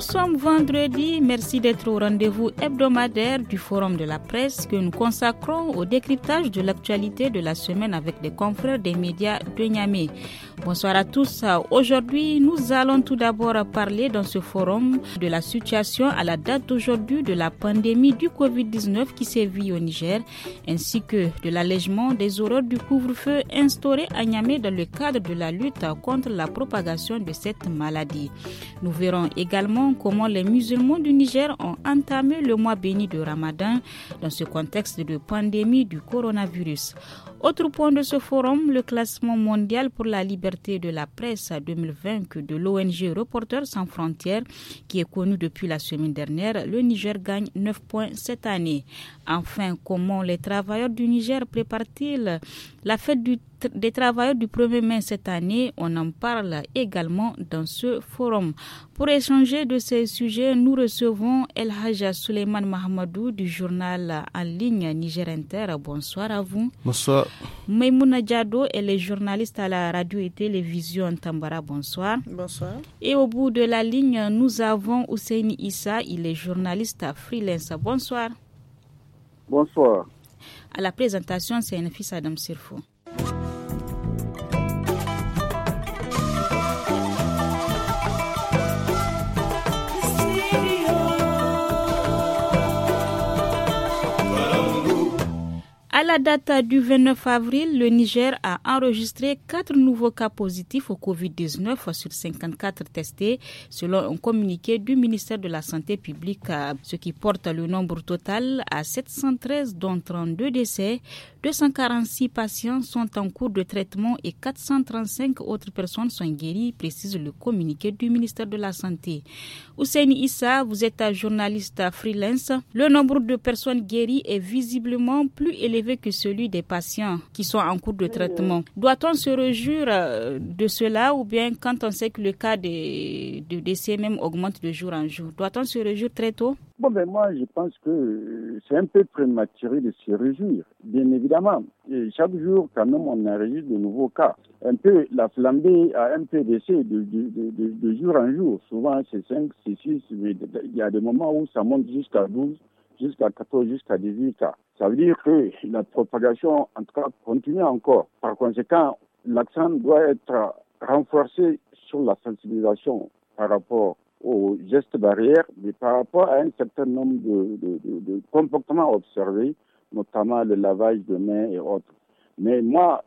Nous sommes vendredi. Merci d'être au rendez-vous hebdomadaire du Forum de la presse que nous consacrons au décryptage de l'actualité de la semaine avec des confrères des médias de Niamey. Bonsoir à tous. Aujourd'hui, nous allons tout d'abord parler dans ce forum de la situation à la date d'aujourd'hui de la pandémie du Covid-19 qui sévit au Niger, ainsi que de l'allègement des horreurs du couvre-feu instauré à Niamey dans le cadre de la lutte contre la propagation de cette maladie. Nous verrons également comment les musulmans du Niger ont entamé le mois béni de Ramadan dans ce contexte de pandémie du coronavirus. Autre point de ce forum, le classement mondial pour la liberté de la presse à 2020 de l'ONG Reporters sans frontières, qui est connu depuis la semaine dernière, le Niger gagne 9 points cette année. Enfin, comment les travailleurs du Niger préparent-ils la fête du des travailleurs du 1er mai cette année. On en parle également dans ce forum. Pour échanger de ces sujets, nous recevons El Haja Suleiman Mahamadou du journal en ligne Niger Inter. Bonsoir à vous. Bonsoir. Maimouna Diado, elle est journaliste à la radio et télévision Tambara. Bonsoir. Bonsoir. Et au bout de la ligne, nous avons Ousseini Issa, il est journaliste à Freelance. Bonsoir. Bonsoir. À la présentation, c'est un fils Adam Sirfo. À la date du 29 avril, le Niger a enregistré 4 nouveaux cas positifs au Covid-19 sur 54 testés, selon un communiqué du ministère de la Santé publique, ce qui porte le nombre total à 713, dont 32 décès. 246 patients sont en cours de traitement et 435 autres personnes sont guéries, précise le communiqué du ministère de la Santé. Ouseni Issa, vous êtes un journaliste freelance. Le nombre de personnes guéries est visiblement plus élevé que celui des patients qui sont en cours de traitement. Doit-on se rejure de cela ou bien quand on sait que le cas de, décès même augmente de jour en jour, doit-on se réjouir très tôt ben, moi, je pense que euh, c'est un peu prématuré de se réjouir, bien évidemment. chaque jour, quand même, on enregistre de nouveaux cas. Un peu, la flambée a un peu baissé de, de, de, jour en jour. Souvent, c'est 5, c'est 6, il y a des moments où ça monte jusqu'à 12, jusqu'à 14, jusqu'à 18 cas. Ça veut dire que la propagation, en tout cas, continue encore. Par conséquent, l'accent doit être renforcé sur la sensibilisation par rapport aux gestes barrières, mais par rapport à un certain nombre de, de comportements observés, notamment le lavage de mains et autres. Mais moi,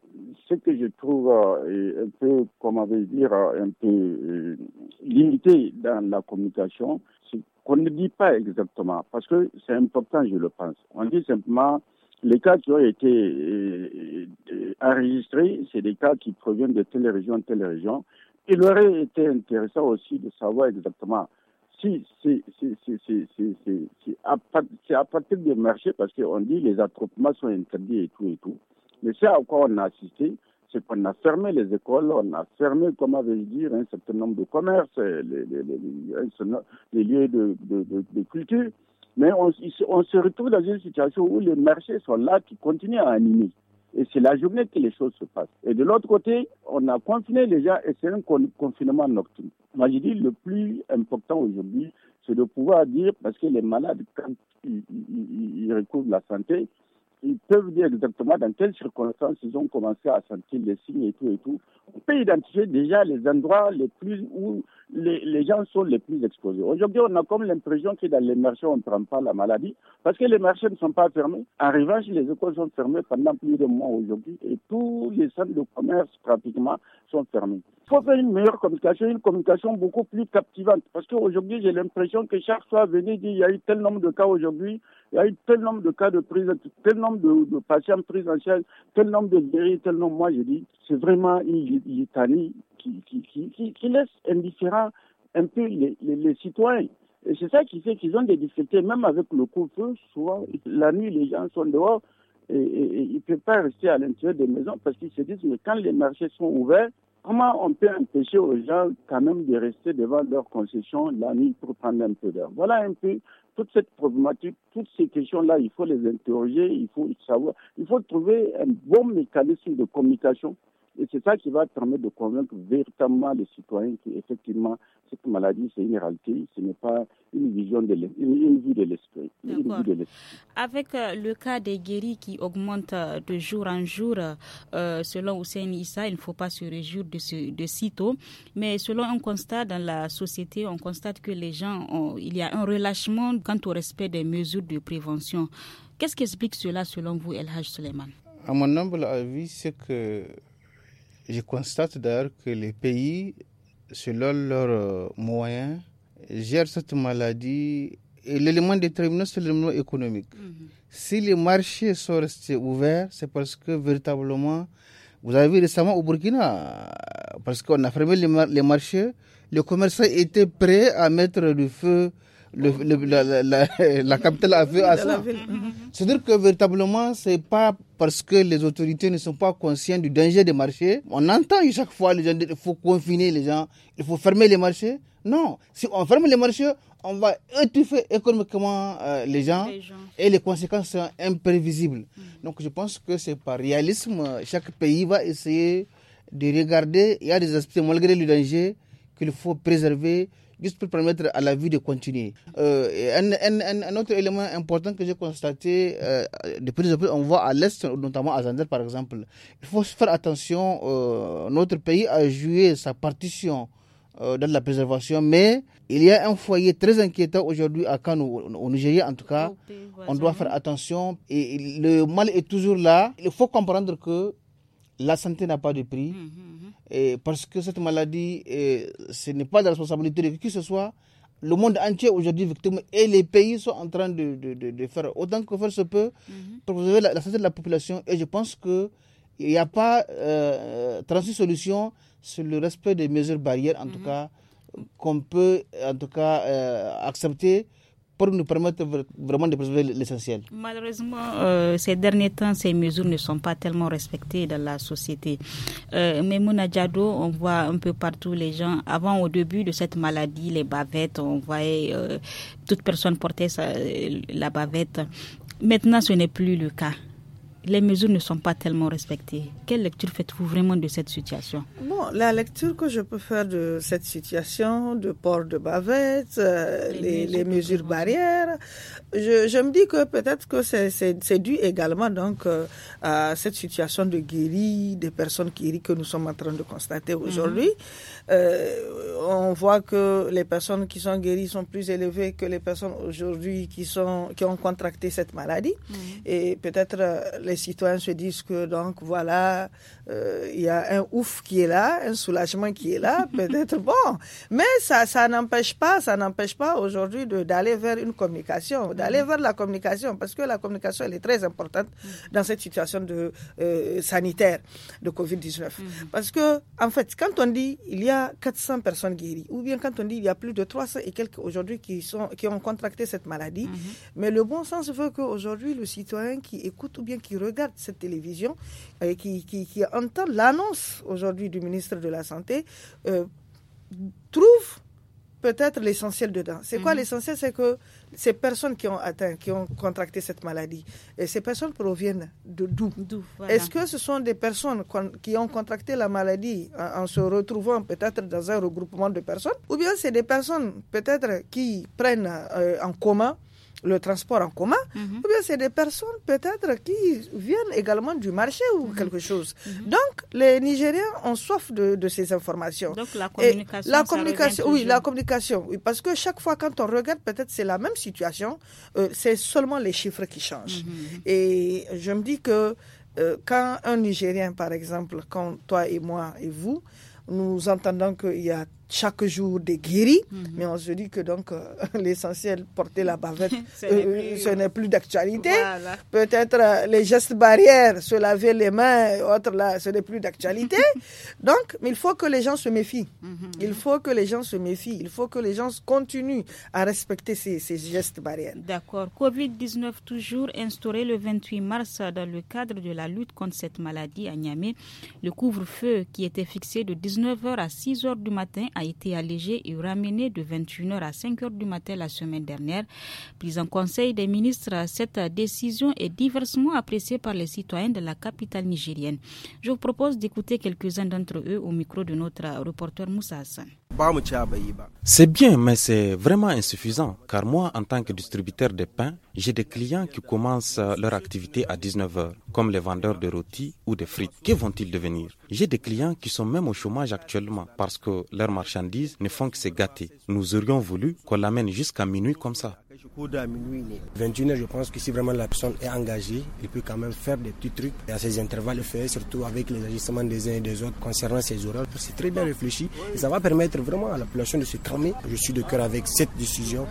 ce que je trouve euh, un peu, comment dire, euh, un peu euh, limité dans la communication, c'est qu'on ne dit pas exactement, parce que c'est important, je le pense. On dit simplement, les cas qui ont été enregistrés, c'est des cas qui proviennent de telle région, telle région. Il aurait été intéressant aussi de savoir exactement si c'est à, partir du marché, parce qu'on dit les attroupements sont interdits et tout et tout. Mais ce à quoi on a assisté, c'est qu'on a fermé les écoles, on a fermé, comment vais dire, un certain nombre de commerces, les, lieux de, culture. Mais on, se retrouve dans une situation où les marchés sont là, qui continuent à animer. Et c'est la journée que les choses se passent. Et de l'autre côté, on a confiné les gens et c'est un confinement nocturne. Moi, je dis le plus important aujourd'hui, c'est de pouvoir dire, parce que les malades, quand ils recouvrent la santé, ils peuvent dire exactement dans quelles circonstances ils ont commencé à sentir les signes et tout et tout. On peut identifier déjà les endroits les plus où les, gens sont les plus exposés. Aujourd'hui, on a comme l'impression que dans les marchés, on ne prend pas la maladie parce que les marchés ne sont pas fermés. En revanche, les écoles sont fermées pendant plus de mois aujourd'hui et tous les centres de commerce pratiquement sont fermés. Il faut faire une meilleure communication, une communication beaucoup plus captivante parce qu'aujourd'hui, j'ai l'impression que chaque fois venez dire il y a eu tel nombre de cas aujourd'hui, il y a eu tel nombre de cas de prise, tel nombre de, patients pris en charge, tel nombre de guéris, tel nombre, moi je dis, c'est vraiment une litanie qui, qui, qui, laisse indifférent un peu les, citoyens. Et c'est ça qui fait qu'ils ont des difficultés, même avec le couvre-feu, souvent, la nuit, les gens sont dehors et, ils ne peuvent pas rester à l'intérieur des maisons parce qu'ils se disent, mais quand les marchés sont ouverts, comment on peut empêcher aux gens quand même de rester devant leur concession la nuit pour prendre un peu d'air Voilà un peu toute cette problématique, toutes ces questions-là, il faut les interroger, il faut savoir, il faut trouver un bon mécanisme de communication et c'est ça qui va permettre de convaincre véritablement les citoyens qu'effectivement, cette maladie, c'est une réalité, ce n'est pas une vision de une, vue de l'esprit. Avec euh, le cas des guéris qui augmente euh, de jour en jour, euh, selon Hussein Issa, il ne faut pas se réjouir de, ce, de si tôt. Mais selon un constat dans la société, on constate que les gens, ont, il y a un relâchement quant au respect des mesures de prévention. Qu'est-ce qui explique cela selon vous, El Haj Suleiman À mon humble avis, c'est que je constate d'ailleurs que les pays, selon leurs euh, moyens, gèrent cette maladie et l'élément déterminant, c'est l'élément économique. Mhm. Si les marchés sont restés ouverts, c'est parce que véritablement, vous avez vu récemment au Burkina, parce qu'on a fermé les, les marchés, les commerçants étaient prêts à mettre du feu la, capitale a fait à ça. Uh-huh. C'est-à-dire que véritablement, c'est pas parce que les autorités ne sont pas conscientes du danger des marchés. On entend chaque fois les gens, il faut confiner les gens, il faut fermer les marchés. Non, si on ferme les marchés, on va étouffer économiquement euh, les, gens, et les conséquences sont imprévisibles. Mm. Donc je pense que c'est par réalisme, chaque pays va essayer de regarder, il y a des aspects malgré le danger qu'il faut préserver, juste pour permettre à la vie de continuer. Euh, un, autre élément important que j'ai constaté euh, de plus en plus, on voit à l'Est, notamment à Zander par exemple, il faut faire attention, euh, notre pays a joué sa partition dans la préservation, mais il y a un foyer très inquiétant aujourd'hui à Kano, au Nigeria en tout cas. On doit faire attention et le mal est toujours là. Il faut comprendre que la santé n'a pas de prix, hum, hum, hum. Et parce que cette maladie, ce n'est pas la responsabilité de qui que ce soit. Le monde entier aujourd'hui victime et les pays sont en train de, faire autant que faire se peut pour préserver la, santé de la population. Et je pense qu'il n'y a pas euh, 36 solutions sur le respect des mesures barrières, en tout cas, qu'on peut en tout cas euh, accepter pour nous permettre vraiment de préserver l'essentiel. Malheureusement, euh, ces derniers temps, ces mesures ne sont pas tellement respectées dans la société. Euh, mais Diado, on voit un peu partout les gens. Avant, au début de cette maladie, les bavettes, on voyait euh, toute personne portait euh, la bavette. Maintenant, ce n'est plus le cas les mesures ne sont pas tellement respectées. Quelle lecture faites-vous vraiment de cette situation Bon, la lecture que je peux faire de cette situation, de port de bavette, euh, les, les mesures barrières, je, me dis que peut-être que c'est dû également donc euh, à cette situation de guéris, des personnes guéries que nous sommes en train de constater mhm. aujourd'hui. Euh, on voit que les personnes qui sont guéries sont plus élevées que les personnes aujourd'hui qui sont qui ont contracté cette maladie. Mhm. Et peut-être euh, les citoyens se disent que donc voilà, il y a un ouf qui est là, un soulagement qui est là, peut-être bon. Mais ça ça n'empêche pas, ça n'empêche pas aujourd'hui d'aller vers une communication d'aller vers la communication, parce que la communication, elle est très importante dans cette situation de, euh, sanitaire de Covid-19. Mhm. Parce que, en fait, quand on dit il y a 400 personnes guéries, ou bien quand on dit il y a plus de 300 et quelques aujourd'hui qui, sont, qui ont contracté cette maladie, mhm. mais le bon sens veut qu'aujourd'hui, le citoyen qui écoute ou bien qui regarde cette télévision, et euh, qui, entend l'annonce aujourd'hui du ministre de la Santé, euh, trouve peut-être l'essentiel dedans. C'est quoi mhm. l'essentiel C'est que ces personnes qui ont atteint, qui ont contracté cette maladie, et ces personnes proviennent de d'où Est-ce que ce sont des personnes qui ont contracté la maladie en, se retrouvant peut-être dans un regroupement de personnes Ou bien c'est des personnes peut-être qui prennent euh, en commun le transport en commun, mhm. ou bien c'est des personnes peut-être qui viennent également du marché ou mhm. quelque chose. Mhm. Donc les Nigériens ont soif de, de ces informations. Donc la communication. oui, la communication, oui, parce que chaque fois quand on regarde, peut-être c'est la même situation, euh, c'est seulement les chiffres qui changent. Et je me dis que euh, quand un Nigérien, par exemple, quand toi et moi et vous, nous entendons qu'il y a chaque jour des guéris, mhm. mais on se dit que donc euh, l'essentiel, porter la bavette, euh, euh, ce n'est plus, d'actualité. Peut-être les gestes barrières, se laver les mains autres, là, ce n'est plus d'actualité. donc, il faut que les gens se méfient. Mhm. Il faut que les gens se méfient. Il faut que les gens continuent à respecter ces, ces gestes barrières. D'accord. Covid-19 toujours instauré le 28 mars dans le cadre de la lutte contre cette maladie à Niamey. Le couvre-feu qui était fixé de 19h à 6h du matin à été allégé et ramené de 21h à 5h du matin la semaine dernière. Prise en conseil des ministres, cette décision est diversement appréciée par les citoyens de la capitale nigérienne. Je vous propose d'écouter quelques-uns d'entre eux au micro de notre reporter Moussa Hassan. C'est bien, mais c'est vraiment insuffisant, car moi, en tant que distributeur de pain, j'ai des clients qui commencent leur activité à 19h, comme les vendeurs de rôti ou de frites. Que vont-ils devenir J'ai des clients qui sont même au chômage actuellement parce que leur marché ne font que se gâter. Nous aurions voulu qu'on l'amène jusqu'à minuit comme ça. 21h, je pense que si vraiment la personne est engagée, il peut quand même faire des petits trucs et à ces intervalles faits, surtout avec les agissements des uns et des autres concernant ces horaires. C'est très bien réfléchi et ça va permettre vraiment à la population de se calmer. Je suis de cœur avec cette décision.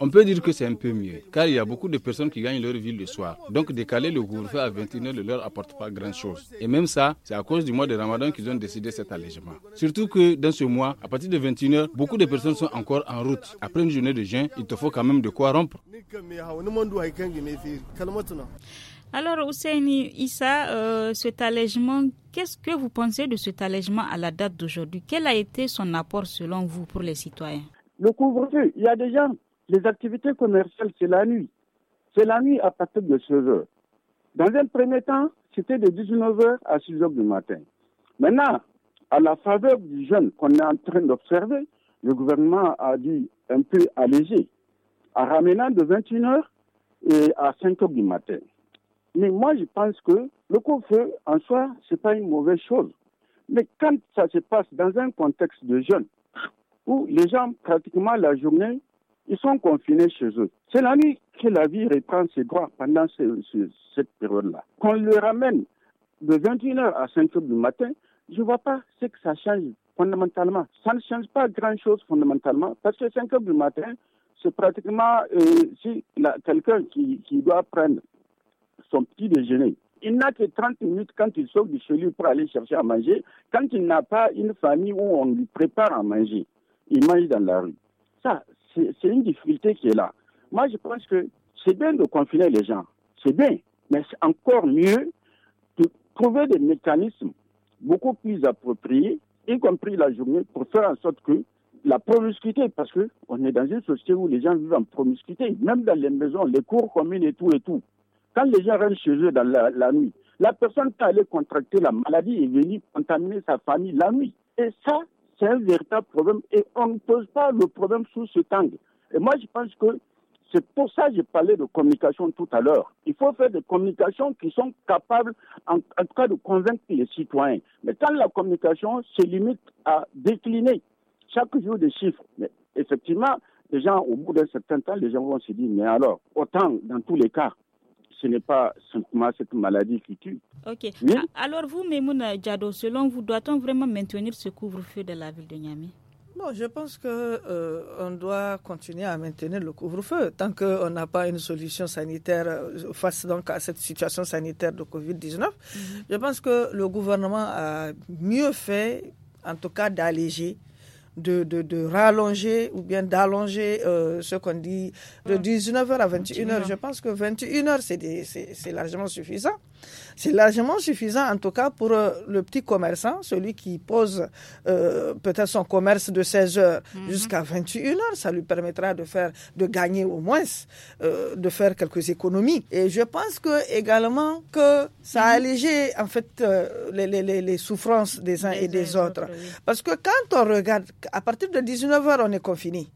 On peut dire que c'est un peu mieux, car il y a beaucoup de personnes qui gagnent leur vie le soir. Donc décaler le couvre-feu à 21h ne leur apporte pas grand-chose. Et même ça, c'est à cause du mois de Ramadan qu'ils ont décidé cet allègement. Surtout que dans ce mois, à partir de 21h, beaucoup de personnes sont encore en route. Après une journée de jeûne, il te faut quand même de quoi rompre. Alors Ousseini Issa, euh, cet allègement, qu'est-ce que vous pensez de cet allègement à la date d'aujourd'hui Quel a été son apport selon vous pour les citoyens le couvre-feu, il y a des gens les activités commerciales, c'est la nuit. C'est la nuit à partir de 16 heures. Dans un premier temps, c'était de 19h à 6h du matin. Maintenant, à la faveur du jeûne qu'on est en train d'observer, le gouvernement a dû un peu alléger, en ramenant de 21h à 5h du matin. Mais moi, je pense que le couvre en soi, ce n'est pas une mauvaise chose. Mais quand ça se passe dans un contexte de jeûne où les gens, pratiquement la journée, ils sont confinés chez eux. C'est l'année que la vie reprend ses droits pendant cette période-là. Qu'on le ramène de 21h à 5h du matin, je ne vois pas ce que ça change fondamentalement. Ça ne change pas grand-chose fondamentalement parce que 5h du matin, c'est pratiquement euh, si quelqu'un qui, doit prendre son petit déjeuner il n'a que 30 minutes quand il sort du chez pour aller chercher à manger, quand il n'a pas une famille où on lui prépare à manger. Il mange dans la rue. Ça, c'est une difficulté qui est là. Moi, je pense que c'est bien de confiner les gens, c'est bien, mais c'est encore mieux de trouver des mécanismes beaucoup plus appropriés, y compris la journée, pour faire en sorte que la promiscuité, parce qu'on est dans une société où les gens vivent en promiscuité, même dans les maisons, les cours communes et tout et tout. Quand les gens rentrent chez eux dans la, nuit, la personne qui allait contracter la maladie est venue contaminer sa famille la nuit. Et ça, c'est un véritable problème et on ne pose pas le problème sous ce angle. Et moi, je pense que c'est pour ça que j'ai parlé de communication tout à l'heure. Il faut faire des communications qui sont capables, en, tout cas, de convaincre les citoyens. Mais quand la communication se limite à décliner chaque jour des chiffres, mais effectivement, les gens, au bout d'un certain temps, les gens vont se dire, mais alors, autant, dans tous les cas, ce n'est pas simplement cette maladie qui tue. Ok. Alors vous, Memouna Diado, selon vous, doit-on vraiment maintenir ce couvre-feu de la ville de Niamey Bon, je pense que euh, on doit continuer à maintenir le couvre-feu tant qu'on n'a pas une solution sanitaire euh, face donc à cette situation sanitaire de Covid-19. Mhm. Je pense que le gouvernement a mieux fait, en tout cas, d'alléger de, de, de rallonger ou bien d'allonger euh, ce qu'on dit de 19h ah. à 21h. je pense que 21h, c'est largement suffisant. C'est largement suffisant, en tout cas, pour euh, le petit commerçant, celui qui pose euh, peut-être son commerce de 16 heures mhm. jusqu'à 21 heures. Ça lui permettra de faire, de gagner au moins, euh, de faire quelques économies. Et je pense que également que ça a mhm. allégé en fait les, souffrances des uns et des autres, parce que quand on regarde, à partir de 19 heures, on est confiné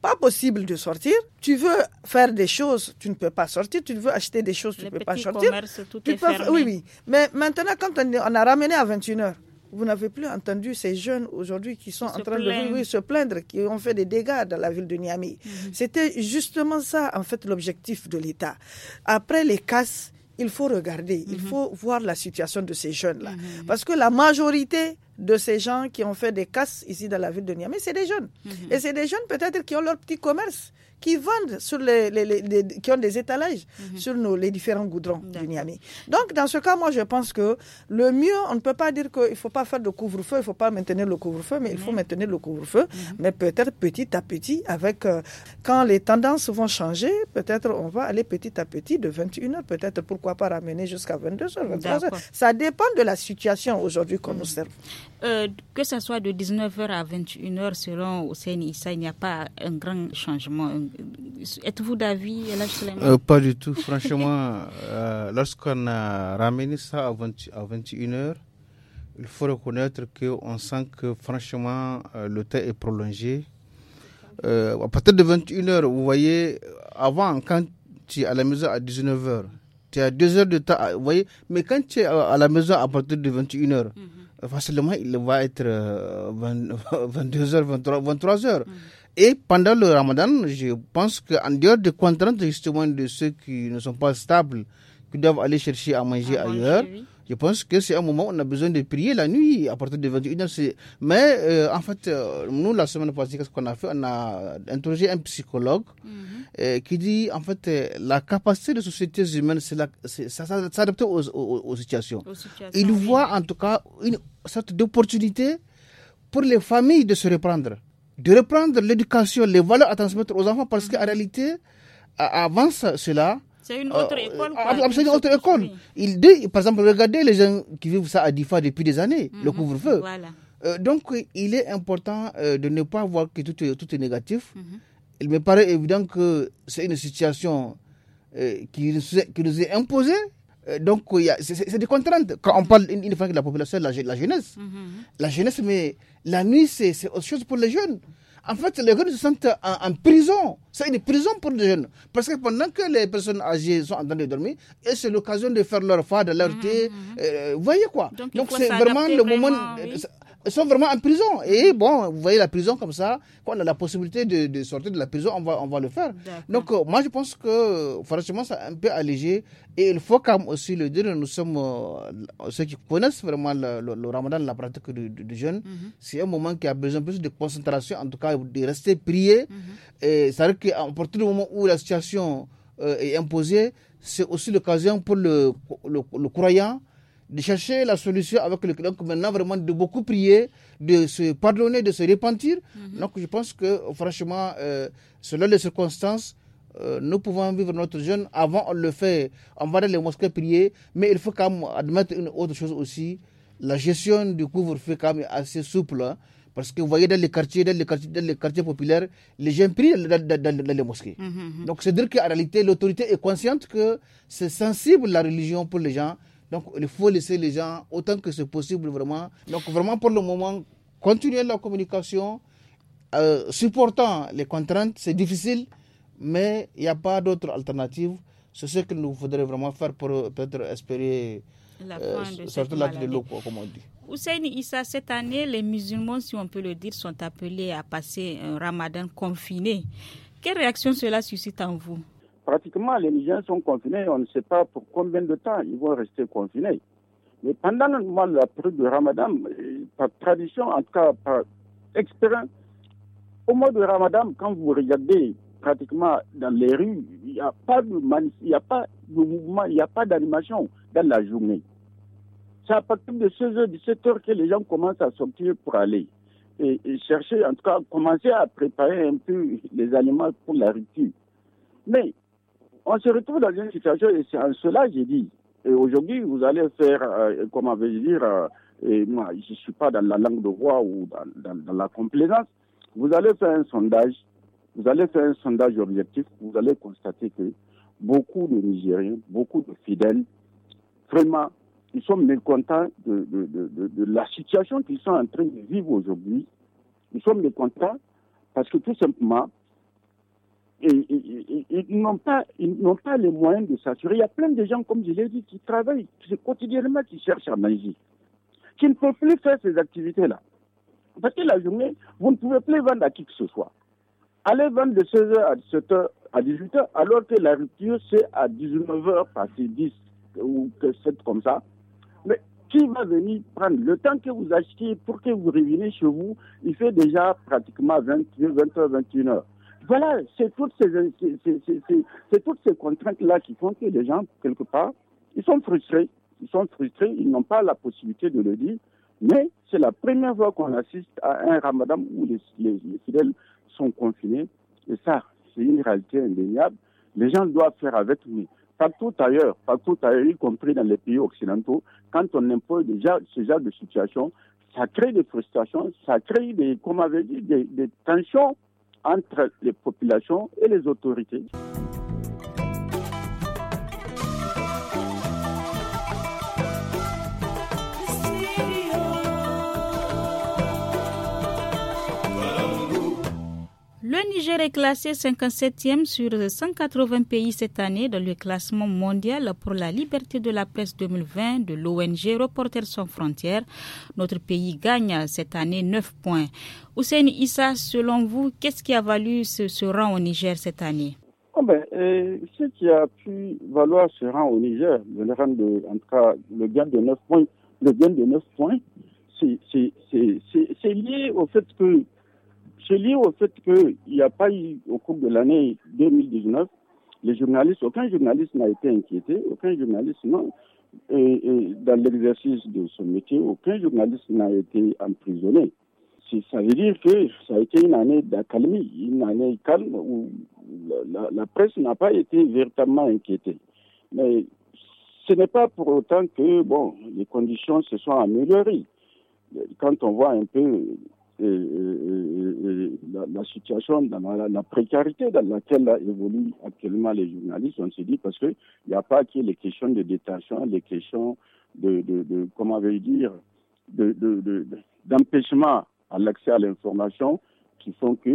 pas possible de sortir. Tu veux faire des choses, tu ne peux pas sortir. Tu veux acheter des choses, tu ne peux pas sortir. Tout est fermé. Oui, oui. Mais maintenant, quand on, a ramené à 21 h vous n'avez plus entendu ces jeunes aujourd'hui qui sont en train de se plaindre, qui ont fait des dégâts dans la ville de Niamey. Mhm. C'était justement ça, en fait, l'objectif de l'État. Après les casses, il faut regarder, il mhm. faut voir la situation de ces jeunes-là. Mhm. Parce que la majorité de ces gens qui ont fait des casses ici dans la ville de Niamey, c'est des jeunes. Mhm. Et c'est des jeunes peut-être qui ont leur petit commerce, qui vendent sur les, qui ont des étalages mhm. sur les différents goudrons du Niamey. Donc dans ce cas, moi je pense que le mieux, on ne peut pas dire qu'il ne faut pas faire de couvre-feu, il ne faut pas maintenir le couvre-feu, mais il faut mhm. maintenir le couvre-feu, mais peut-être petit à petit, avec euh, quand les tendances vont changer, peut-être on va aller petit à petit de 21h, peut-être pourquoi pas ramener jusqu'à 22h, 23h. Ça dépend de la situation aujourd'hui qu'on observe. Euh, que ce soit de 19h à 21h, selon Hossein Issa, il n'y a pas un grand changement. Euh, êtes-vous d'avis, euh, Pas du tout. Franchement, lorsqu'on a ramené ça à, 21h, il faut reconnaître qu'on sent que, franchement, le temps est prolongé. à partir de 21h, vous voyez, avant, quand tu es à la maison à 19h, tu as 2 heures de temps, vous voyez, mais quand tu es à la maison à partir de 21h, facilement, il va être 22h, 23, h Et pendant le ramadan, je pense qu'en dehors des contraintes justement de ceux qui ne sont pas stables, qui doivent aller chercher à manger ailleurs, je pense que c'est un moment où on a besoin de prier la nuit à partir de 21h. Mais euh, en fait, euh, nous, la semaine passée, qu'est-ce qu'on a fait On a interrogé un psychologue mhm. euh, qui dit, en fait, la capacité des sociétés humaines, c'est s'adapter aux, aux, situations. Il voit en tout cas une sorte d'opportunité pour les familles de se reprendre, de reprendre l'éducation, les valeurs à transmettre aux enfants, parce qu'en mhm. réalité, avant cela, c'est une euh, autre école. Euh, autre école. Il dit, par exemple, regardez les gens qui vivent ça à Difa depuis des années, le mhm. couvre-feu. Euh, donc, il est important de ne pas voir que tout est, tout est négatif. Mhm. Il me paraît évident que c'est une situation qui, qui, nous est imposée. donc, c'est des contraintes. Quand on parle une, fois que la population, la, la jeunesse. Mhm. La jeunesse, mais la nuit, c'est autre chose pour les jeunes. En fait, les jeunes se sentent en, prison. C'est une prison pour les jeunes. Parce que pendant que les personnes âgées sont en train de dormir, c'est l'occasion de faire leur fade, leur mmh, thé. Mmh, mmh. Euh, vous voyez quoi Donc, c'est vraiment le moment sont vraiment en prison. Et bon, vous voyez la prison comme ça, quand on a la possibilité de, sortir de la prison, on va, on va le faire. Donc, euh, moi, je pense que, franchement, ça un peu allégé. Et il faut quand même aussi le dire, nous sommes euh, ceux qui connaissent vraiment le, ramadan, la pratique du, jeûne. Mhm. C'est un moment qui a besoin plus de concentration, en tout cas, de rester prié. Mhm. Et cest vrai dire qu'à partir du moment où la situation euh, est imposée, c'est aussi l'occasion pour le, le croyant de chercher la solution avec le donc maintenant vraiment de beaucoup prier de se pardonner de se repentir mhm. donc je pense que franchement euh, selon les circonstances euh, nous pouvons vivre notre jeûne avant on le fait on va dans les mosquées prier mais il faut quand même admettre une autre chose aussi la gestion du couvre-feu quand même assez souple hein, parce que vous voyez dans les quartiers dans les quartiers dans les quartiers populaires les gens prient dans, les mosquées mhm, mhm. donc c'est dire qu'en réalité l'autorité est consciente que c'est sensible la religion pour les gens donc, il faut laisser les gens, autant que c'est possible, vraiment. Donc, vraiment, pour le moment, continuer la communication, euh, supportant les contraintes, c'est difficile, mais il n'y a pas d'autre alternative. C'est ce que nous faudrait vraiment faire pour euh, peut-être espérer la euh, de cette de comme on dit. Hussein Issa, cette année, les musulmans, si on peut le dire, sont appelés à passer un ramadan confiné. Quelle réaction cela suscite en vous pratiquement les Nigériens sont confinés, on ne sait pas pour combien de temps ils vont rester confinés. Mais pendant le mois la période de Ramadan, euh, par tradition, en tout cas par expérience, au mois de Ramadan, quand vous regardez pratiquement dans les rues, il n'y a pas de il a pas de mouvement, il n'y a pas d'animation dans la journée. C'est à partir de 16h, 17h que les gens commencent à sortir pour aller et, chercher, en tout cas, commencer à préparer un peu les aliments pour la ritue. Mais on se retrouve dans une situation, et c'est en cela j'ai dit, et aujourd'hui vous allez faire, euh, comment vais-je dire, euh, et moi je ne suis pas dans la langue de roi ou dans, la complaisance, vous allez faire un sondage, vous allez faire un sondage objectif, vous allez constater que beaucoup de Nigériens, beaucoup de fidèles, vraiment, ils sont mécontents de la situation qu'ils sont en train de vivre aujourd'hui. Ils sont mécontents parce que tout simplement, ils n'ont pas, n'ont pas les moyens de s'assurer. Il y a plein de gens, comme je l'ai dit, qui travaillent quotidiennement, qui cherchent à manger, qui ne peuvent plus faire ces activités-là. Parce que la journée, vous ne pouvez plus vendre à qui que ce soit. Allez vendre de 16h à 17h à 18h, alors que la rupture, c'est à 19h, passé 10 ou c'est comme ça. Mais qui va venir prendre le temps que vous achetez pour que vous reveniez chez vous Il fait déjà pratiquement 20, 20h, 21h. Voilà, c'est toutes ces, contraintes-là qui font que les gens, quelque part, ils sont frustrés. Ils sont frustrés, ils n'ont pas la possibilité de le dire. Mais c'est la première fois qu'on assiste à un ramadan où les, fidèles sont confinés. Et ça, c'est une réalité indéniable. Les gens doivent faire avec, mais partout ailleurs, partout ailleurs, y compris dans les pays occidentaux, quand on impose déjà ce genre de situation, ça crée des frustrations, ça crée des, comme avait dit, des tensions entre les populations et les autorités. Niger est classé 57e sur 180 pays cette année dans le classement mondial pour la liberté de la presse 2020 de l'ONG Reporters sans frontières. Notre pays gagne cette année 9 points. Hussein Issa, selon vous, qu'est-ce qui a valu ce, rang au Niger cette année oh ben, euh, Ce qui a pu valoir ce rang au Niger, le, rang de, le gain de 9 points, le gain de 9 points, c'est lié au fait que c'est lié au fait qu'il n'y a pas eu, au cours de l'année 2019, les journalistes, aucun journaliste n'a été inquiété, aucun journaliste, non, et, dans l'exercice de son métier, aucun journaliste n'a été emprisonné. Ça veut dire que ça a été une année d'accalmie, une année calme où la, presse n'a pas été véritablement inquiétée. Mais ce n'est pas pour autant que bon, les conditions se sont améliorées. Quand on voit un peu la, situation, dans la, précarité dans laquelle évoluent actuellement les journalistes, on se dit parce qu'il n'y a pas que les questions de détention, les questions de, comment veux je dire, d'empêchement à l'accès à l'information qui font que,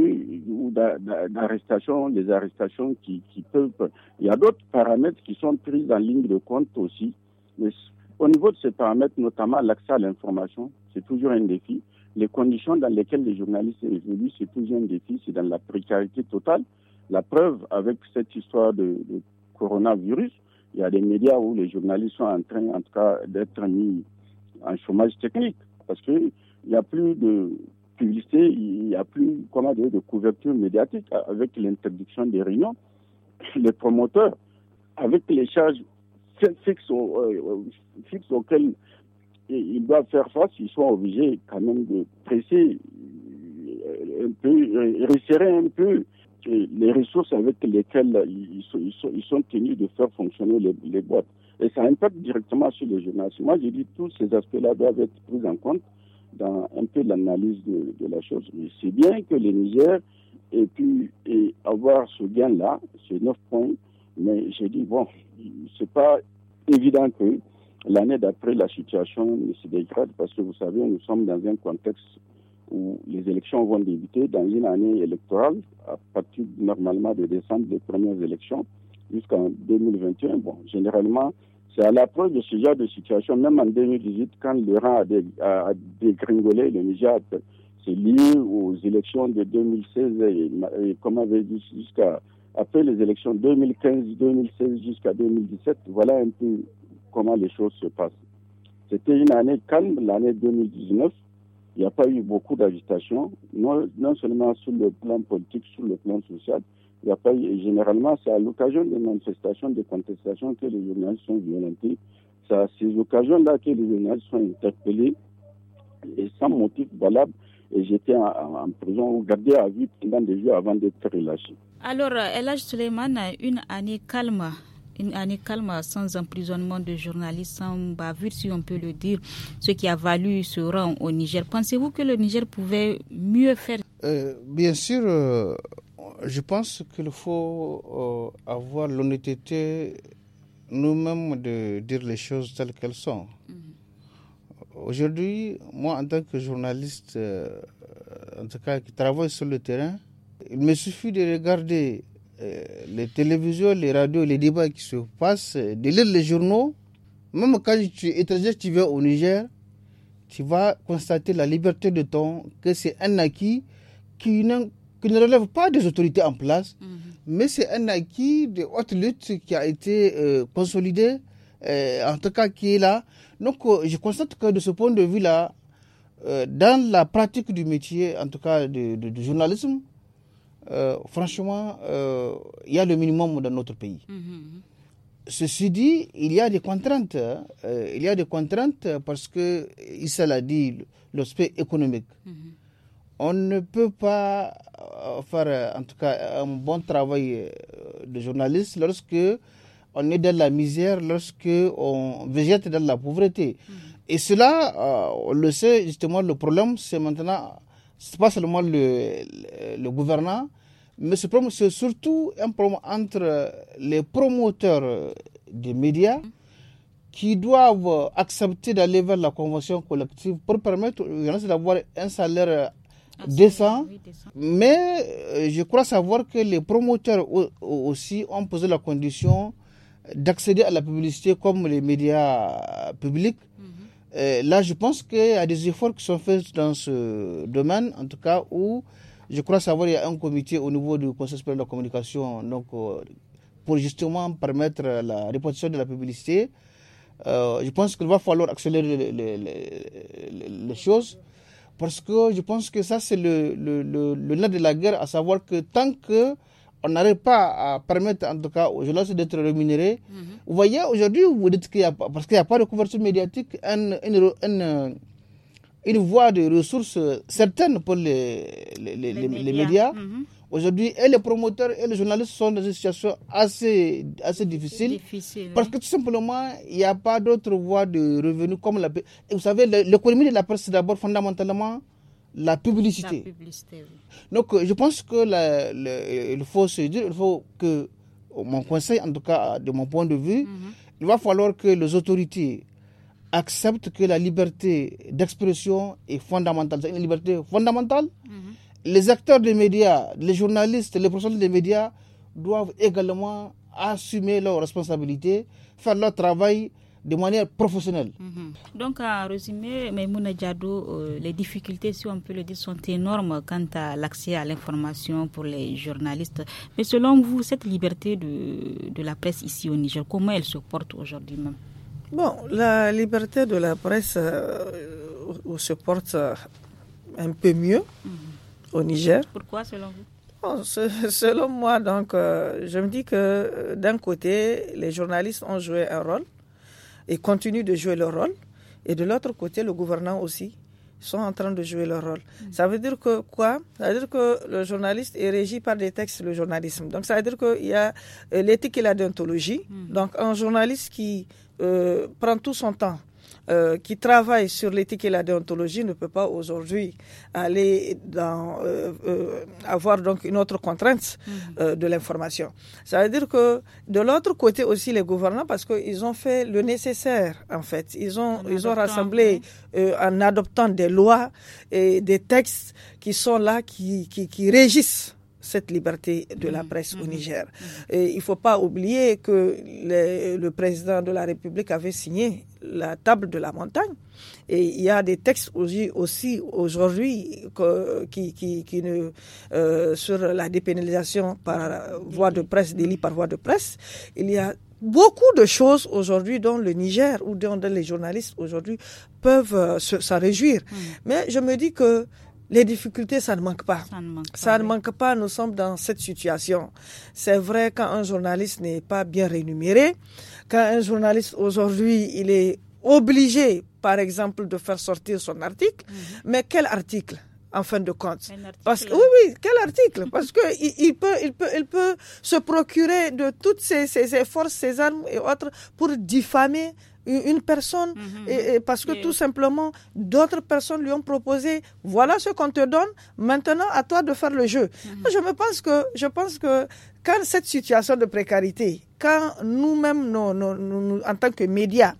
ou d'arrestation des arrestations qui, qui peuvent. Il y a d'autres paramètres qui sont pris en ligne de compte aussi. Mais au niveau de ces paramètres, notamment l'accès à l'information, c'est toujours un défi. Les conditions dans lesquelles les journalistes évoluent, c'est toujours un défi, c'est dans la précarité totale. La preuve avec cette histoire de, coronavirus, il y a des médias où les journalistes sont en train, en d'être mis en chômage technique parce qu'il n'y a plus de publicité, il n'y a plus, comment de couverture médiatique avec l'interdiction des réunions. Les promoteurs, avec les charges fixes euh, euh, auxquelles ils doivent faire face, ils sont obligés quand même de presser un peu, euh, resserrer un peu les ressources avec lesquelles ils sont, tenus de faire fonctionner les, boîtes. Et ça impacte directement sur les jeunes. Moi, j'ai que tous ces aspects-là doivent être pris en compte dans un peu l'analyse de, la chose. c'est bien que les Niger aient pu avoir ce gain-là, ces 9 points, mais j'ai dit, bon, c'est pas évident que L'année d'après, la situation se dégrade parce que vous savez, nous sommes dans un contexte où les élections vont débuter dans une année électorale, à partir normalement de décembre des premières élections jusqu'en 2021. Bon, généralement, c'est à l'approche de ce genre de situation, même en 2018, quand l'Iran a, dégringolé, le Niger c'est lié aux élections de 2016 et, comme avait dit, jusqu'à après les élections 2015, 2016 jusqu'à 2017. Voilà un peu comment les choses se passent. C'était une année calme, l'année 2019. Il n'y a pas eu beaucoup d'agitation, non, non, seulement sur le plan politique, sur le plan social. Il n'y a pas eu, généralement, c'est à l'occasion des manifestations, des contestations que les journalistes sont violentés. C'est à ces occasions-là que les journalistes sont interpellés et sans motif valable et j'étais en, prison, gardé à vue pendant des jours avant d'être relâché. Alors, Elage Suleiman, une année calme, une année calme sans emprisonnement de journalistes, sans bavure, si on peut le dire, ce qui a valu ce rang au Niger. Pensez-vous que le Niger pouvait mieux faire euh, Bien sûr, euh, je pense qu'il faut euh, avoir l'honnêteté nous-mêmes de dire les choses telles qu'elles sont. Mhm. Aujourd'hui, moi, en tant que journaliste, en tout cas qui travaille sur le terrain, il me suffit de regarder euh, les télévisions, les radios, les débats qui se passent, euh, de lire les journaux, même quand tu es étranger, tu viens au Niger, tu vas constater la liberté de ton, que c'est un acquis qui, ne relève pas des autorités en place, mhm. mais c'est un acquis de haute lutte qui a été euh, consolidé, en tout cas qui est là. Donc je constate que de ce point de vue-là, dans la pratique du métier, en tout cas du journalisme, euh, franchement, euh, il y a le minimum dans notre pays. Mhm, mhm. Ceci dit, il y a des contraintes. Hein. Euh, il y a des contraintes parce que, Issa l'a dit, l'aspect économique. Mhm. On ne peut pas faire, en tout cas, un bon travail de journaliste lorsque on est dans la misère, lorsque on végète dans la pauvreté. Et cela, on le sait, justement, le problème, c'est maintenant ce n'est pas seulement le, le, gouvernant, mais c'est surtout un problème entre les promoteurs des médias qui doivent accepter d'aller vers la convention collective pour permettre d'avoir un salaire décent. Mais euh, je crois savoir que les promoteurs aussi ont posé la condition d'accéder à la publicité comme les médias publics. Mhm. Euh, là, je pense qu'il y a des efforts qui sont faits dans ce domaine, en tout cas où je crois savoir qu'il y a un comité au niveau du Conseil supérieur de la communication donc, euh, pour justement permettre la répartition de la publicité. Euh, je pense qu'il va falloir accélérer les, choses parce que je pense que ça, c'est le, le, le nerf de la guerre, à savoir que tant que on n'arrive pas à permettre, en tout cas, aux journalistes d'être rémunérés. Vous voyez, aujourd'hui, vous dites qu'il n'y a, parce qu'il n'y a pas de couverture médiatique, une, une, une, une, voie de ressources certaine pour les, les, les, médias. Mhm. Aujourd'hui, et les promoteurs et les journalistes sont dans une situation assez, assez difficile. parce que tout simplement, il n'y a pas d'autre voie de revenus comme la. Vous savez, l'économie de la presse, c'est d'abord fondamentalement la publicité. Donc, euh, je pense que il faut se dire, il faut que mon conseil, en tout cas de mon point de vue, mhm. il va falloir que les autorités acceptent que la liberté d'expression est fondamentale. C'est une liberté fondamentale. Mhm. Les acteurs des médias, les journalistes, les professionnels des médias doivent également assumer leurs responsabilités, faire leur travail de manière professionnelle. Mhm. Donc, à résumer, mes Diado, euh, les difficultés, si on peut le dire, sont énormes quant à l'accès à l'information pour les journalistes. Mais selon vous, cette liberté de, la presse ici au Niger, comment elle se porte aujourd'hui même Bon, la liberté de la presse euh, se porte euh, un peu mieux mhm. au Niger. Pourquoi, selon vous selon moi, donc, je me dis que d'un côté, les journalistes ont joué un rôle et continuent de jouer leur rôle. Et de l'autre côté, le gouvernant aussi sont en train de jouer leur rôle. Mm. Ça veut dire que quoi Ça veut dire que le journaliste est régi par des textes, le journalisme. Donc ça veut dire qu'il y a euh, l'éthique et la déontologie. Mm. Donc un journaliste qui euh, prend tout son temps euh, qui travaille sur l'éthique et la déontologie ne peut pas aujourd'hui aller dans euh, euh, avoir donc une autre contrainte mhm. de l'information. Ça veut dire que de l'autre côté aussi les gouvernants parce qu'ils ont fait le nécessaire en fait. Ils ont ils ont rassemblé en adoptant des lois et des textes qui sont là qui qui, qui régissent cette liberté de la mm-hmm. presse au mm-hmm. Niger. Mm-hmm. Et il ne faut pas oublier que le président de la République avait signé la table de la montagne. Et il y a des textes aussi, aujourd'hui qui, qui, qui ne, euh, sur la dépénalisation par voie de presse, délit par voie de presse. Il y a beaucoup de choses aujourd'hui dont le Niger ou dont les journalistes aujourd'hui peuvent euh, s'en réjouir. Mm. Mais je me dis que les difficultés, ça ne manque pas. Ça ne manque pas. Nous sommes dans cette situation. C'est vrai quand un journaliste n'est pas bien rémunéré, quand un journaliste aujourd'hui, il est obligé, par exemple, de faire sortir son article. Mhm. Mais quel article en fin de compte. Parce que, euh, oui, oui, quel article Parce que il, peut, il, peut, il peut se procurer de toutes ses efforts, forces, ses armes et autres pour diffamer une personne, mm-hmm. parce que tout simplement, d'autres personnes lui ont proposé, voilà ce qu'on te donne, maintenant à toi de faire le jeu. Mm-hmm. Je me pense que, je pense que quand cette situation de précarité, quand nous-mêmes, nous, en tant que médias,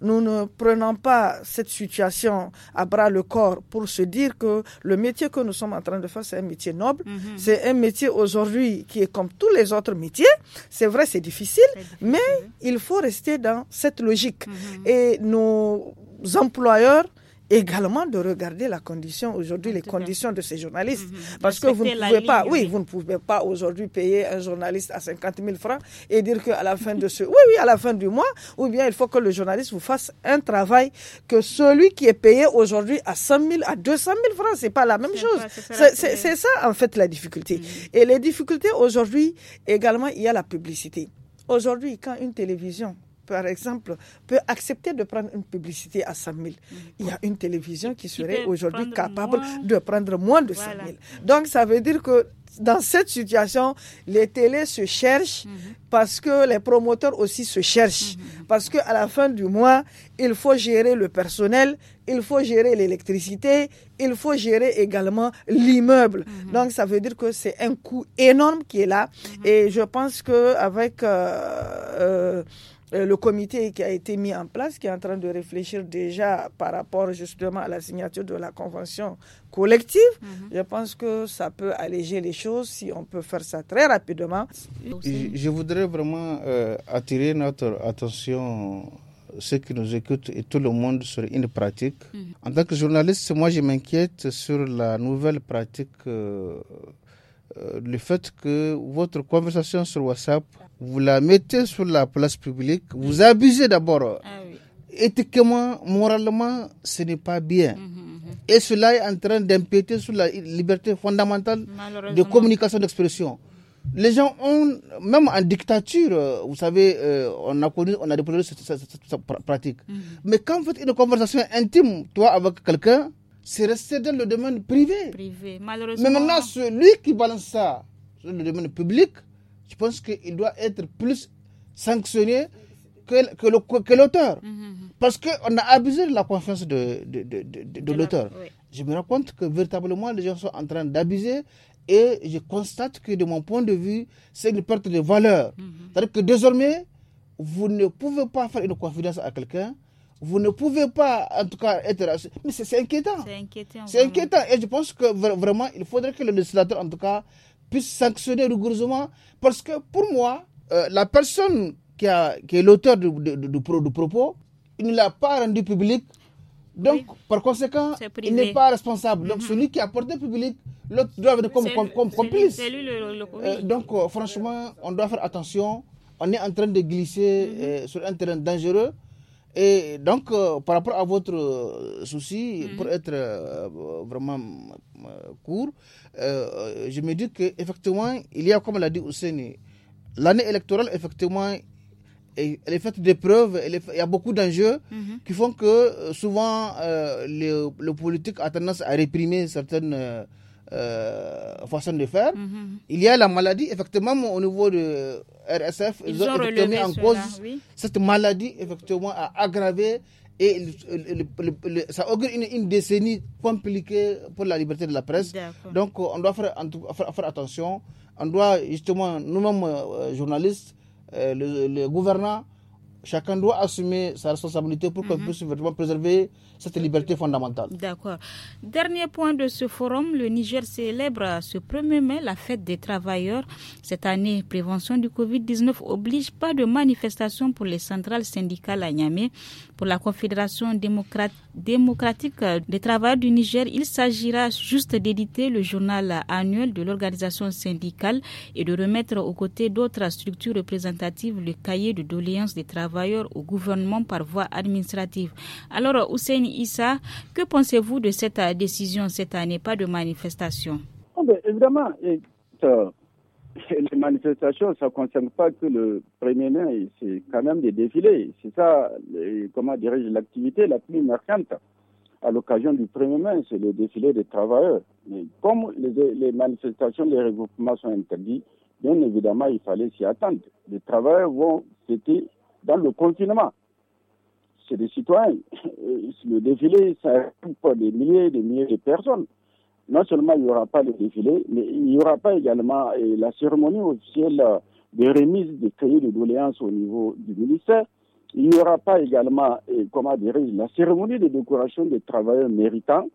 nous ne prenons pas cette situation à bras le corps pour se dire que le métier que nous sommes en train de faire, c'est un métier noble. Mhm. C'est un métier aujourd'hui qui est comme tous les autres métiers. C'est vrai, c'est difficile, mais il faut rester dans cette logique. Mhm. Et nos employeurs également de regarder la condition aujourd'hui, ah, les conditions de ces journalistes. Mm-hmm. Parce que vous ne pouvez pas, oui, vous ne pouvez pas aujourd'hui payer un journaliste à 50 000 francs et dire qu'à la fin de ce, oui, oui, à la fin du mois, ou bien il faut que le journaliste vous fasse un travail que celui qui est payé aujourd'hui à 100 000, à 200 000 francs, c'est pas la même chose. C'est ça, en fait, la difficulté. Mm-hmm. Et les difficultés aujourd'hui, également, il y a la publicité. Aujourd'hui, quand une télévision par exemple, peut accepter de prendre une publicité à 100 000. Il y a une télévision qui serait aujourd'hui capable de prendre moins de voilà. 100 000. Donc, ça veut dire que dans cette situation, les télés se cherchent mhm. parce que les promoteurs aussi se cherchent. Mhm. parce Parce qu'à la fin du mois, il faut gérer le personnel, il faut gérer l'électricité, il faut gérer également l'immeuble. Mhm. Donc ça veut dire que c'est un coût énorme qui est là. Et je pense que avec euh, euh, euh, le comité qui a été mis en place, qui est en train de réfléchir déjà par rapport justement à la signature de la convention collective, mhm. je pense que ça peut alléger les choses si on peut faire ça très rapidement. Je, voudrais vraiment euh, attirer notre attention ceux qui nous écoutent et tout le monde sur une pratique. Mhm. En tant que journaliste, moi je m'inquiète sur la nouvelle pratique euh, euh, le fait que votre conversation sur WhatsApp, vous la mettez sur la place publique, vous abusez d'abord. Ah Éthiquement, moralement, ce n'est pas bien. Mhm, mhm. Et cela est en train d'impéter sur la liberté fondamentale de communication d'expression. Les gens ont, même en dictature, euh, vous savez, euh, on a connu, on a déployé cette, pratique. Mhm. Mais quand vous faites une conversation intime, toi avec quelqu'un, c'est resté dans le domaine privé. malheureusement. Mais maintenant, celui qui balance ça dans le domaine public, je pense qu'il doit être plus sanctionné que, que l'auteur. Hum, hum, hum. Parce qu'on a abusé de la confiance de, de, de, de, l'auteur. Je me rends compte que véritablement, les gens sont en train d'abuser et je constate que de mon point de vue, c'est une perte de valeur. C'est-à-dire que désormais, vous ne pouvez pas faire une confidence à quelqu'un vous ne pouvez pas, en tout cas, être rassuré. Mais c'est inquiétant. C'est inquiétant. Et je pense que vraiment, il faudrait que le législateur, en tout cas, puisse sanctionner rigoureusement. Parce que pour moi, euh, la personne qui, a, est l'auteur du, propos, il ne l'a pas rendu public. Donc, par conséquent, il n'est pas responsable. Donc, mm-hmm. celui qui a porté public, l'autre doit être comme, comme, comme complice. Lui, le, euh, donc, euh, franchement, on doit faire attention. On est en train de glisser mm-hmm. sur un terrain dangereux. Et donc, euh, par rapport à votre euh, souci, mhm. pour être euh, vraiment court, je me dis qu'effectivement, il y a, comme l'a dit Ousseini, l'année électorale, effectivement, elle est faite d'épreuves, il y a beaucoup d'enjeux mhm. qui font que souvent le, politique a tendance à réprimer certaines façons de faire. Mhm. Il y a la maladie, effectivement, au niveau de RSF, ils, ont, relevé en cause cette maladie, effectivement, a aggravé et ça augure une, une, décennie compliquée pour la liberté de la presse. Donc euh, on doit faire, attention, on doit justement, nous-mêmes euh, journalistes, euh, le, gouvernant, chacun doit assumer sa responsabilité pour qu'on mhm. puisse préserver cette liberté fondamentale. D'accord. Dernier point de ce forum, le Niger célèbre ce 1er mai la fête des travailleurs. Cette année, prévention du Covid-19 oblige pas de manifestation pour les centrales syndicales à Niamey. Pour la Confédération démocratique des travailleurs du Niger, il s'agira juste d'éditer le journal annuel de l'organisation syndicale et de remettre aux côtés d'autres structures représentatives le cahier de doléances des travailleurs au gouvernement par voie administrative. Alors, Hussein Issa, que pensez-vous de cette euh, décision cette année, pas de manifestation ah, ben, Évidemment, euh, les manifestations, ça ne concerne pas que le 1er mai, c'est quand même des défilés. C'est ça, comment dirais-je, l'activité la plus marquante à l'occasion du 1er mai, c'est le défilé des travailleurs. Mais comme les, manifestations, les regroupements sont interdits, bien évidemment, il fallait s'y attendre. Les travailleurs vont fêter dans le confinement. C'est des citoyens. Euh, le défilé, ça pas des milliers et des milliers de personnes. Non seulement il n'y aura pas le défilé, mais il n'y aura pas également la cérémonie officielle euh, de remise des cahiers de doléances au niveau du ministère. Il n'y aura pas également, comment dire, la cérémonie de décoration des travailleurs méritants.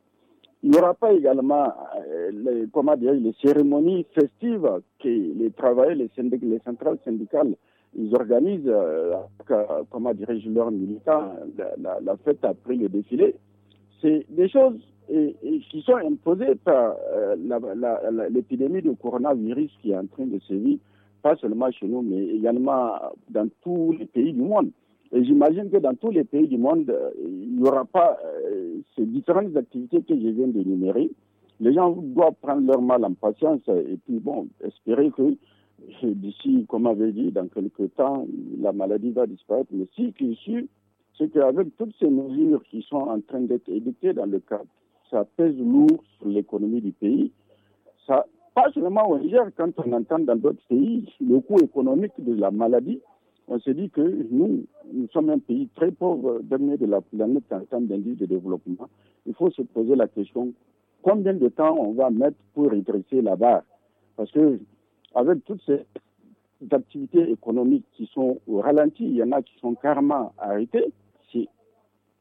Il n'y aura pas également euh, les, comment dire, les cérémonies festives que les travailleurs, les, les centrales syndicales ils organisent, euh, euh, comment dirais-je, leurs militants, la, fête après le défilé. C'est des choses qui sont imposées par euh, l'épidémie de coronavirus qui est en train de sévir, pas seulement chez nous, mais également dans tous les pays du monde. Et j'imagine que dans tous les pays du monde, euh, il n'y aura pas ces différentes activités que je viens de d'énumérer. Les gens doivent prendre leur mal en patience et puis, bon, espérer que d'ici, comme avait dit, dans quelques temps, la maladie va disparaître. Mais qui est sûr, c'est qu'avec toutes ces mesures qui sont en train d'être édictées dans le cadre, ça pèse lourd sur l'économie du pays. Ça, pas seulement au Niger, quand on entend dans d'autres pays le coût économique de la maladie, on se dit que nous, nous sommes un pays très pauvre, dernier de la planète en termes d'indice de développement. Il faut se poser la question combien de temps on va mettre pour redresser la barre Parce que avec toutes ces activités économiques qui sont ralenties, il y en a qui sont carrément arrêtées, c'est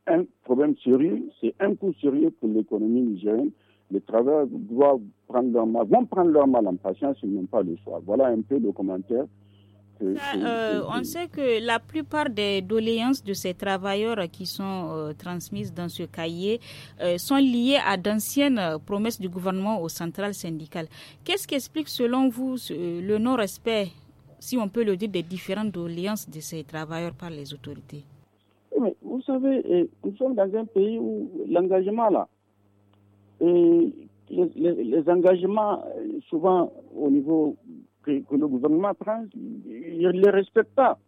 un problème sérieux, c'est un coup sérieux pour l'économie nigérienne. Les travailleurs doivent prendre leur mal, vont prendre leur mal en patience, ils n'ont pas le choix. Voilà un peu le commentaire euh, on sait que la plupart des doléances de ces travailleurs qui sont euh, transmises dans ce cahier euh, sont liées à d'anciennes promesses du gouvernement aux centrales syndicales. Qu'est-ce qui explique selon vous le non-respect, si on peut le dire, des différentes doléances de ces travailleurs par les autorités Vous savez, nous sommes dans un pays où l'engagement, là, les engagements, souvent au niveau que, le gouvernement prend, il ne les respecte pas.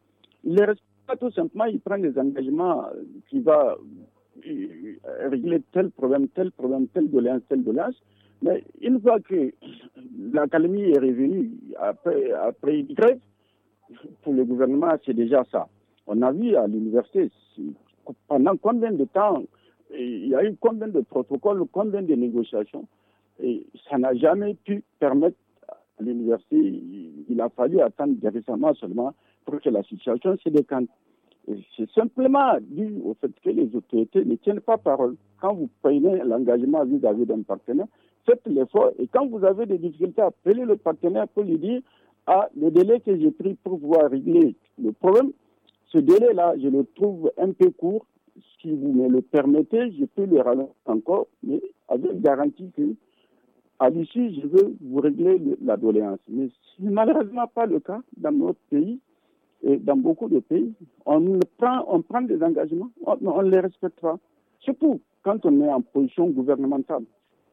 Il ne les respecte pas tout simplement, il prend des engagements euh, qui va euh, régler tel problème, tel problème, tel doléance, tel doléance. Mais une fois que l'académie est revenue après, après une grève, pour le gouvernement, c'est déjà ça. On a vu à l'université pendant combien de temps, il y a eu combien de protocoles, combien de négociations, et ça n'a jamais pu permettre l'université, il a fallu attendre récemment seulement pour que la situation se décante. C'est simplement dû au fait que les autorités ne tiennent pas parole. Quand vous prenez l'engagement vis-à-vis d'un partenaire, faites l'effort et quand vous avez des difficultés, appelez le partenaire pour lui dire ah, le délai que j'ai pris pour pouvoir régler le problème, ce délai-là, je le trouve un peu court. Si vous me le permettez, je peux le rallonger encore, mais avec garantie que à l'issue, je veux vous régler la doléance. Mais ce n'est malheureusement pas le cas dans notre pays et dans beaucoup de pays. On prend, des engagements, on ne les respecte pas. Surtout quand on est en position gouvernementale.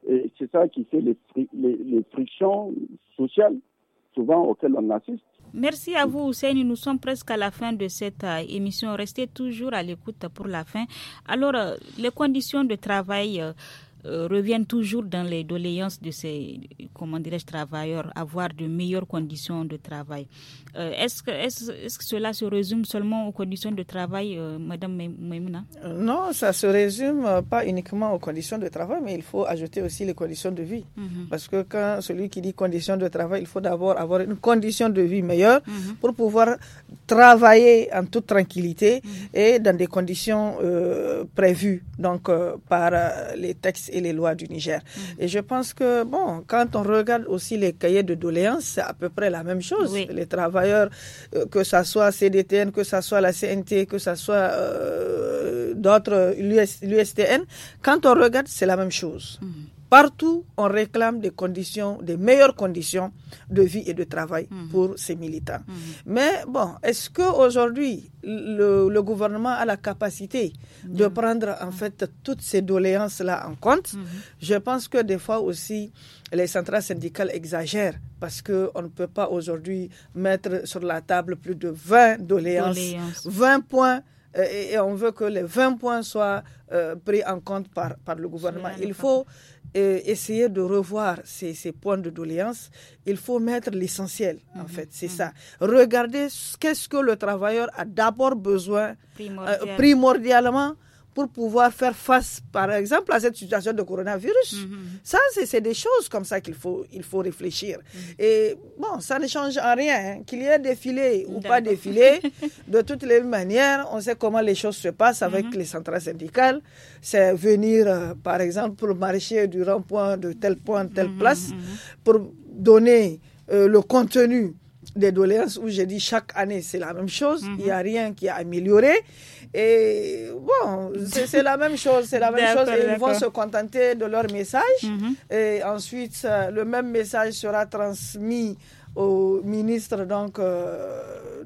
Et c'est ça qui fait les, frictions sociales, souvent auxquelles on assiste. Merci à vous, Hussein. Nous sommes presque à la fin de cette euh, émission. Restez toujours à l'écoute pour la fin. Alors, euh, les conditions de travail. Euh, euh, reviennent toujours dans les doléances de ces, comment dirais-je, travailleurs, avoir de meilleures conditions de travail. Euh, est-ce, que, est-ce, que, cela se résume seulement aux conditions de travail, euh, Madame Maimouna euh, Non, ça se résume pas uniquement aux conditions de travail, mais il faut ajouter aussi les conditions de vie. Mm-hmm. Parce que quand celui qui dit conditions de travail, il faut d'abord avoir une condition de vie meilleure mm-hmm. pour pouvoir travailler en toute tranquillité mm-hmm. et dans des conditions prévues donc par les textes et les lois du Niger. Et je pense que bon, quand on regarde aussi les cahiers de doléances, c'est à peu près la même chose. Les travaux euh, que ce soit CDTN, que ce soit la CNT, que ce soit euh, d'autres, l'USTN, quand on regarde, c'est la même chose. Mm-hmm. Partout, on réclame des conditions, des meilleures conditions de vie et de travail mhm. pour ces militants. Mhm. Mais bon, est-ce qu'aujourd'hui, le, le gouvernement a la capacité de prendre en mhm. fait toutes ces doléances-là en compte Je pense que des fois aussi, les centrales syndicales exagèrent parce qu'on ne peut pas aujourd'hui mettre sur la table plus de 20 doléances. 20 points euh, et, on veut que les 20 points soient euh, pris en compte par, par le gouvernement. Il faut essayer de revoir ces, points de doléance, il faut mettre l'essentiel, en mhm. fait, c'est mhm. ça. Regardez qu'est-ce que le travailleur a d'abord besoin, euh, primordialement, pour pouvoir faire face, par exemple, à cette situation de coronavirus. Mhm. Ça, c'est des choses comme ça qu'il faut, il faut réfléchir. Mhm. Et bon, ça ne change en rien. Hein. Qu'il y ait défilé ou pas défilé, de toutes les manières, on sait comment les choses se passent avec mhm. les centrales syndicales. C'est venir, euh, par exemple, pour marcher du rond-point de tel point, telle place, pour donner euh, le contenu des doléances où j'ai dit chaque année c'est la même chose, il n'y a mhm. rien qui a amélioré. Et bon, c'est la même chose, c'est la même chose. Et ils vont se contenter de leur message. Mhm. Et ensuite, euh, le même message sera transmis au ministre donc euh,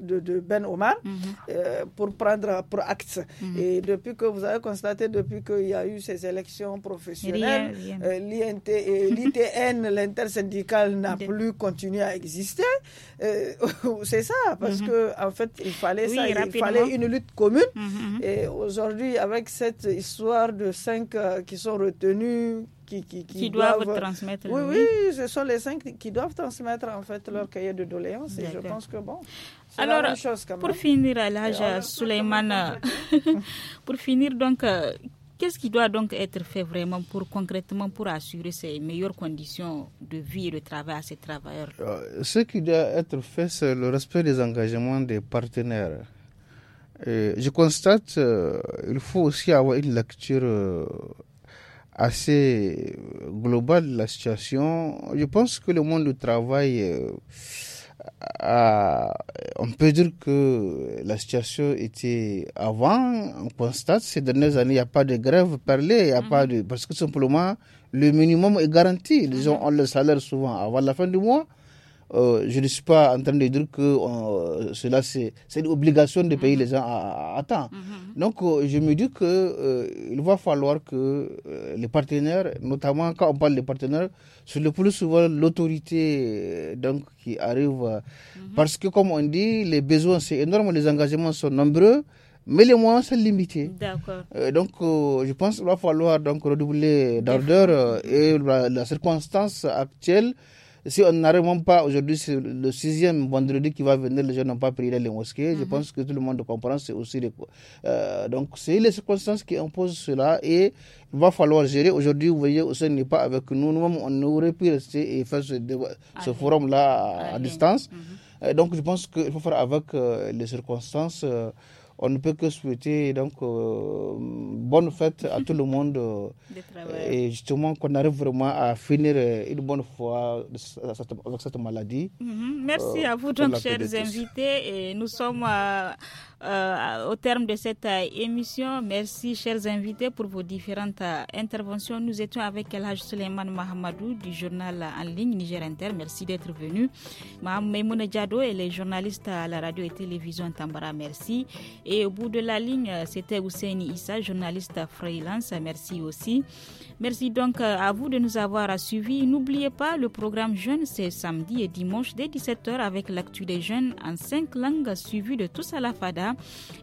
de, Ben Omar mhm. euh, pour prendre pour acte. Mhm. Et depuis que vous avez constaté, depuis qu'il y a eu ces élections professionnelles, euh, euh, l'ITN, l'intersyndicale, n'a plus continué à exister. c'est ça, parce qu'en mhm. que en fait, il fallait ça, il fallait une lutte commune. Et aujourd'hui, avec cette histoire de cinq qui sont retenus, qui, qui, doivent, transmettre. Oui, oui, ce sont les cinq qui doivent transmettre en fait leur cahier de doléances. Et je pense que bon. Alors, pour finir, Alhaja Suleiman, pour finir, donc, euh, qu'est-ce qui doit donc être fait vraiment pour concrètement pour assurer ces meilleures conditions de vie et de travail à ces travailleurs euh, Ce qui doit être fait, c'est le respect des engagements des partenaires. je constate qu'il euh, faut aussi avoir une lecture assez globale de la situation. Je pense que le monde du travail on peut dire que la situation était avant, on constate ces dernières années, il n'y a pas de grève parlée, a mhm. pas de, parce que simplement, le minimum est garanti. gens mhm. ont le salaire souvent avant la fin du mois. Euh, je ne suis pas en train de dire que euh, cela c'est une obligation de payer les gens à, temps. Mhm. Donc euh, je me dis que il va falloir que les partenaires, notamment quand on parle des partenaires, c'est le plus souvent l'autorité donc qui arrive mhm. parce que comme on dit les besoins c'est énorme, les engagements sont nombreux. Mais les moyens sont limités. donc, je pense qu'il va falloir donc redoubler d'ardeur et la circonstance actuelle si on n'arrive même pas aujourd'hui, c'est le sixième vendredi qui va venir, les gens n'ont pas prié les mosquées. Je mhm. pense que tout le monde comprend, c'est aussi les, euh, donc c'est les circonstances qui imposent cela et il va falloir gérer. Aujourd'hui, vous voyez, ce n'est pas avec nous. Nous-mêmes, on aurait pu rester et faire ce, forum-là à, distance. Mhm. Euh, donc je pense qu'il faut faire avec euh, les circonstances on ne peut que souhaiter donc euh, bonne fête à tout le monde euh, et justement qu'on arrive vraiment à finir euh, une bonne fois avec cette maladie. Mhm. Merci à vous donc chers invités et nous sommes euh, au terme de cette euh, émission. Merci, chers invités, pour vos différentes euh, interventions. Nous étions avec El Haj Suleiman Mahamadou du journal en ligne Niger Inter. Merci d'être venu. Mme Diado, et les journalistes à la radio et télévision Tambara. Merci. Et au bout de la ligne, c'était Ousseini Issa, journaliste freelance. Merci aussi. Merci donc à vous de nous avoir suivis. N'oubliez pas, le programme Jeunes, c'est samedi et dimanche dès 17h avec l'actu des jeunes en cinq langues suivies de tous à la FADA.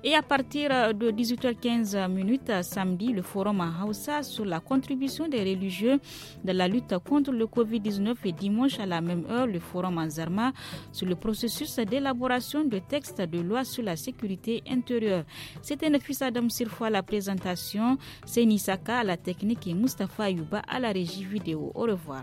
Et à partir de 18h15 minutes samedi, le forum en Hausa sur la contribution des religieux dans la lutte contre le Covid-19 et dimanche à la même heure, le forum en Zarma sur le processus d'élaboration de textes de loi sur la sécurité intérieure. C'était fils Adam Sirfo à la présentation, c'est Nisaka à la technique et Mustafa Yuba à la régie vidéo. Au revoir.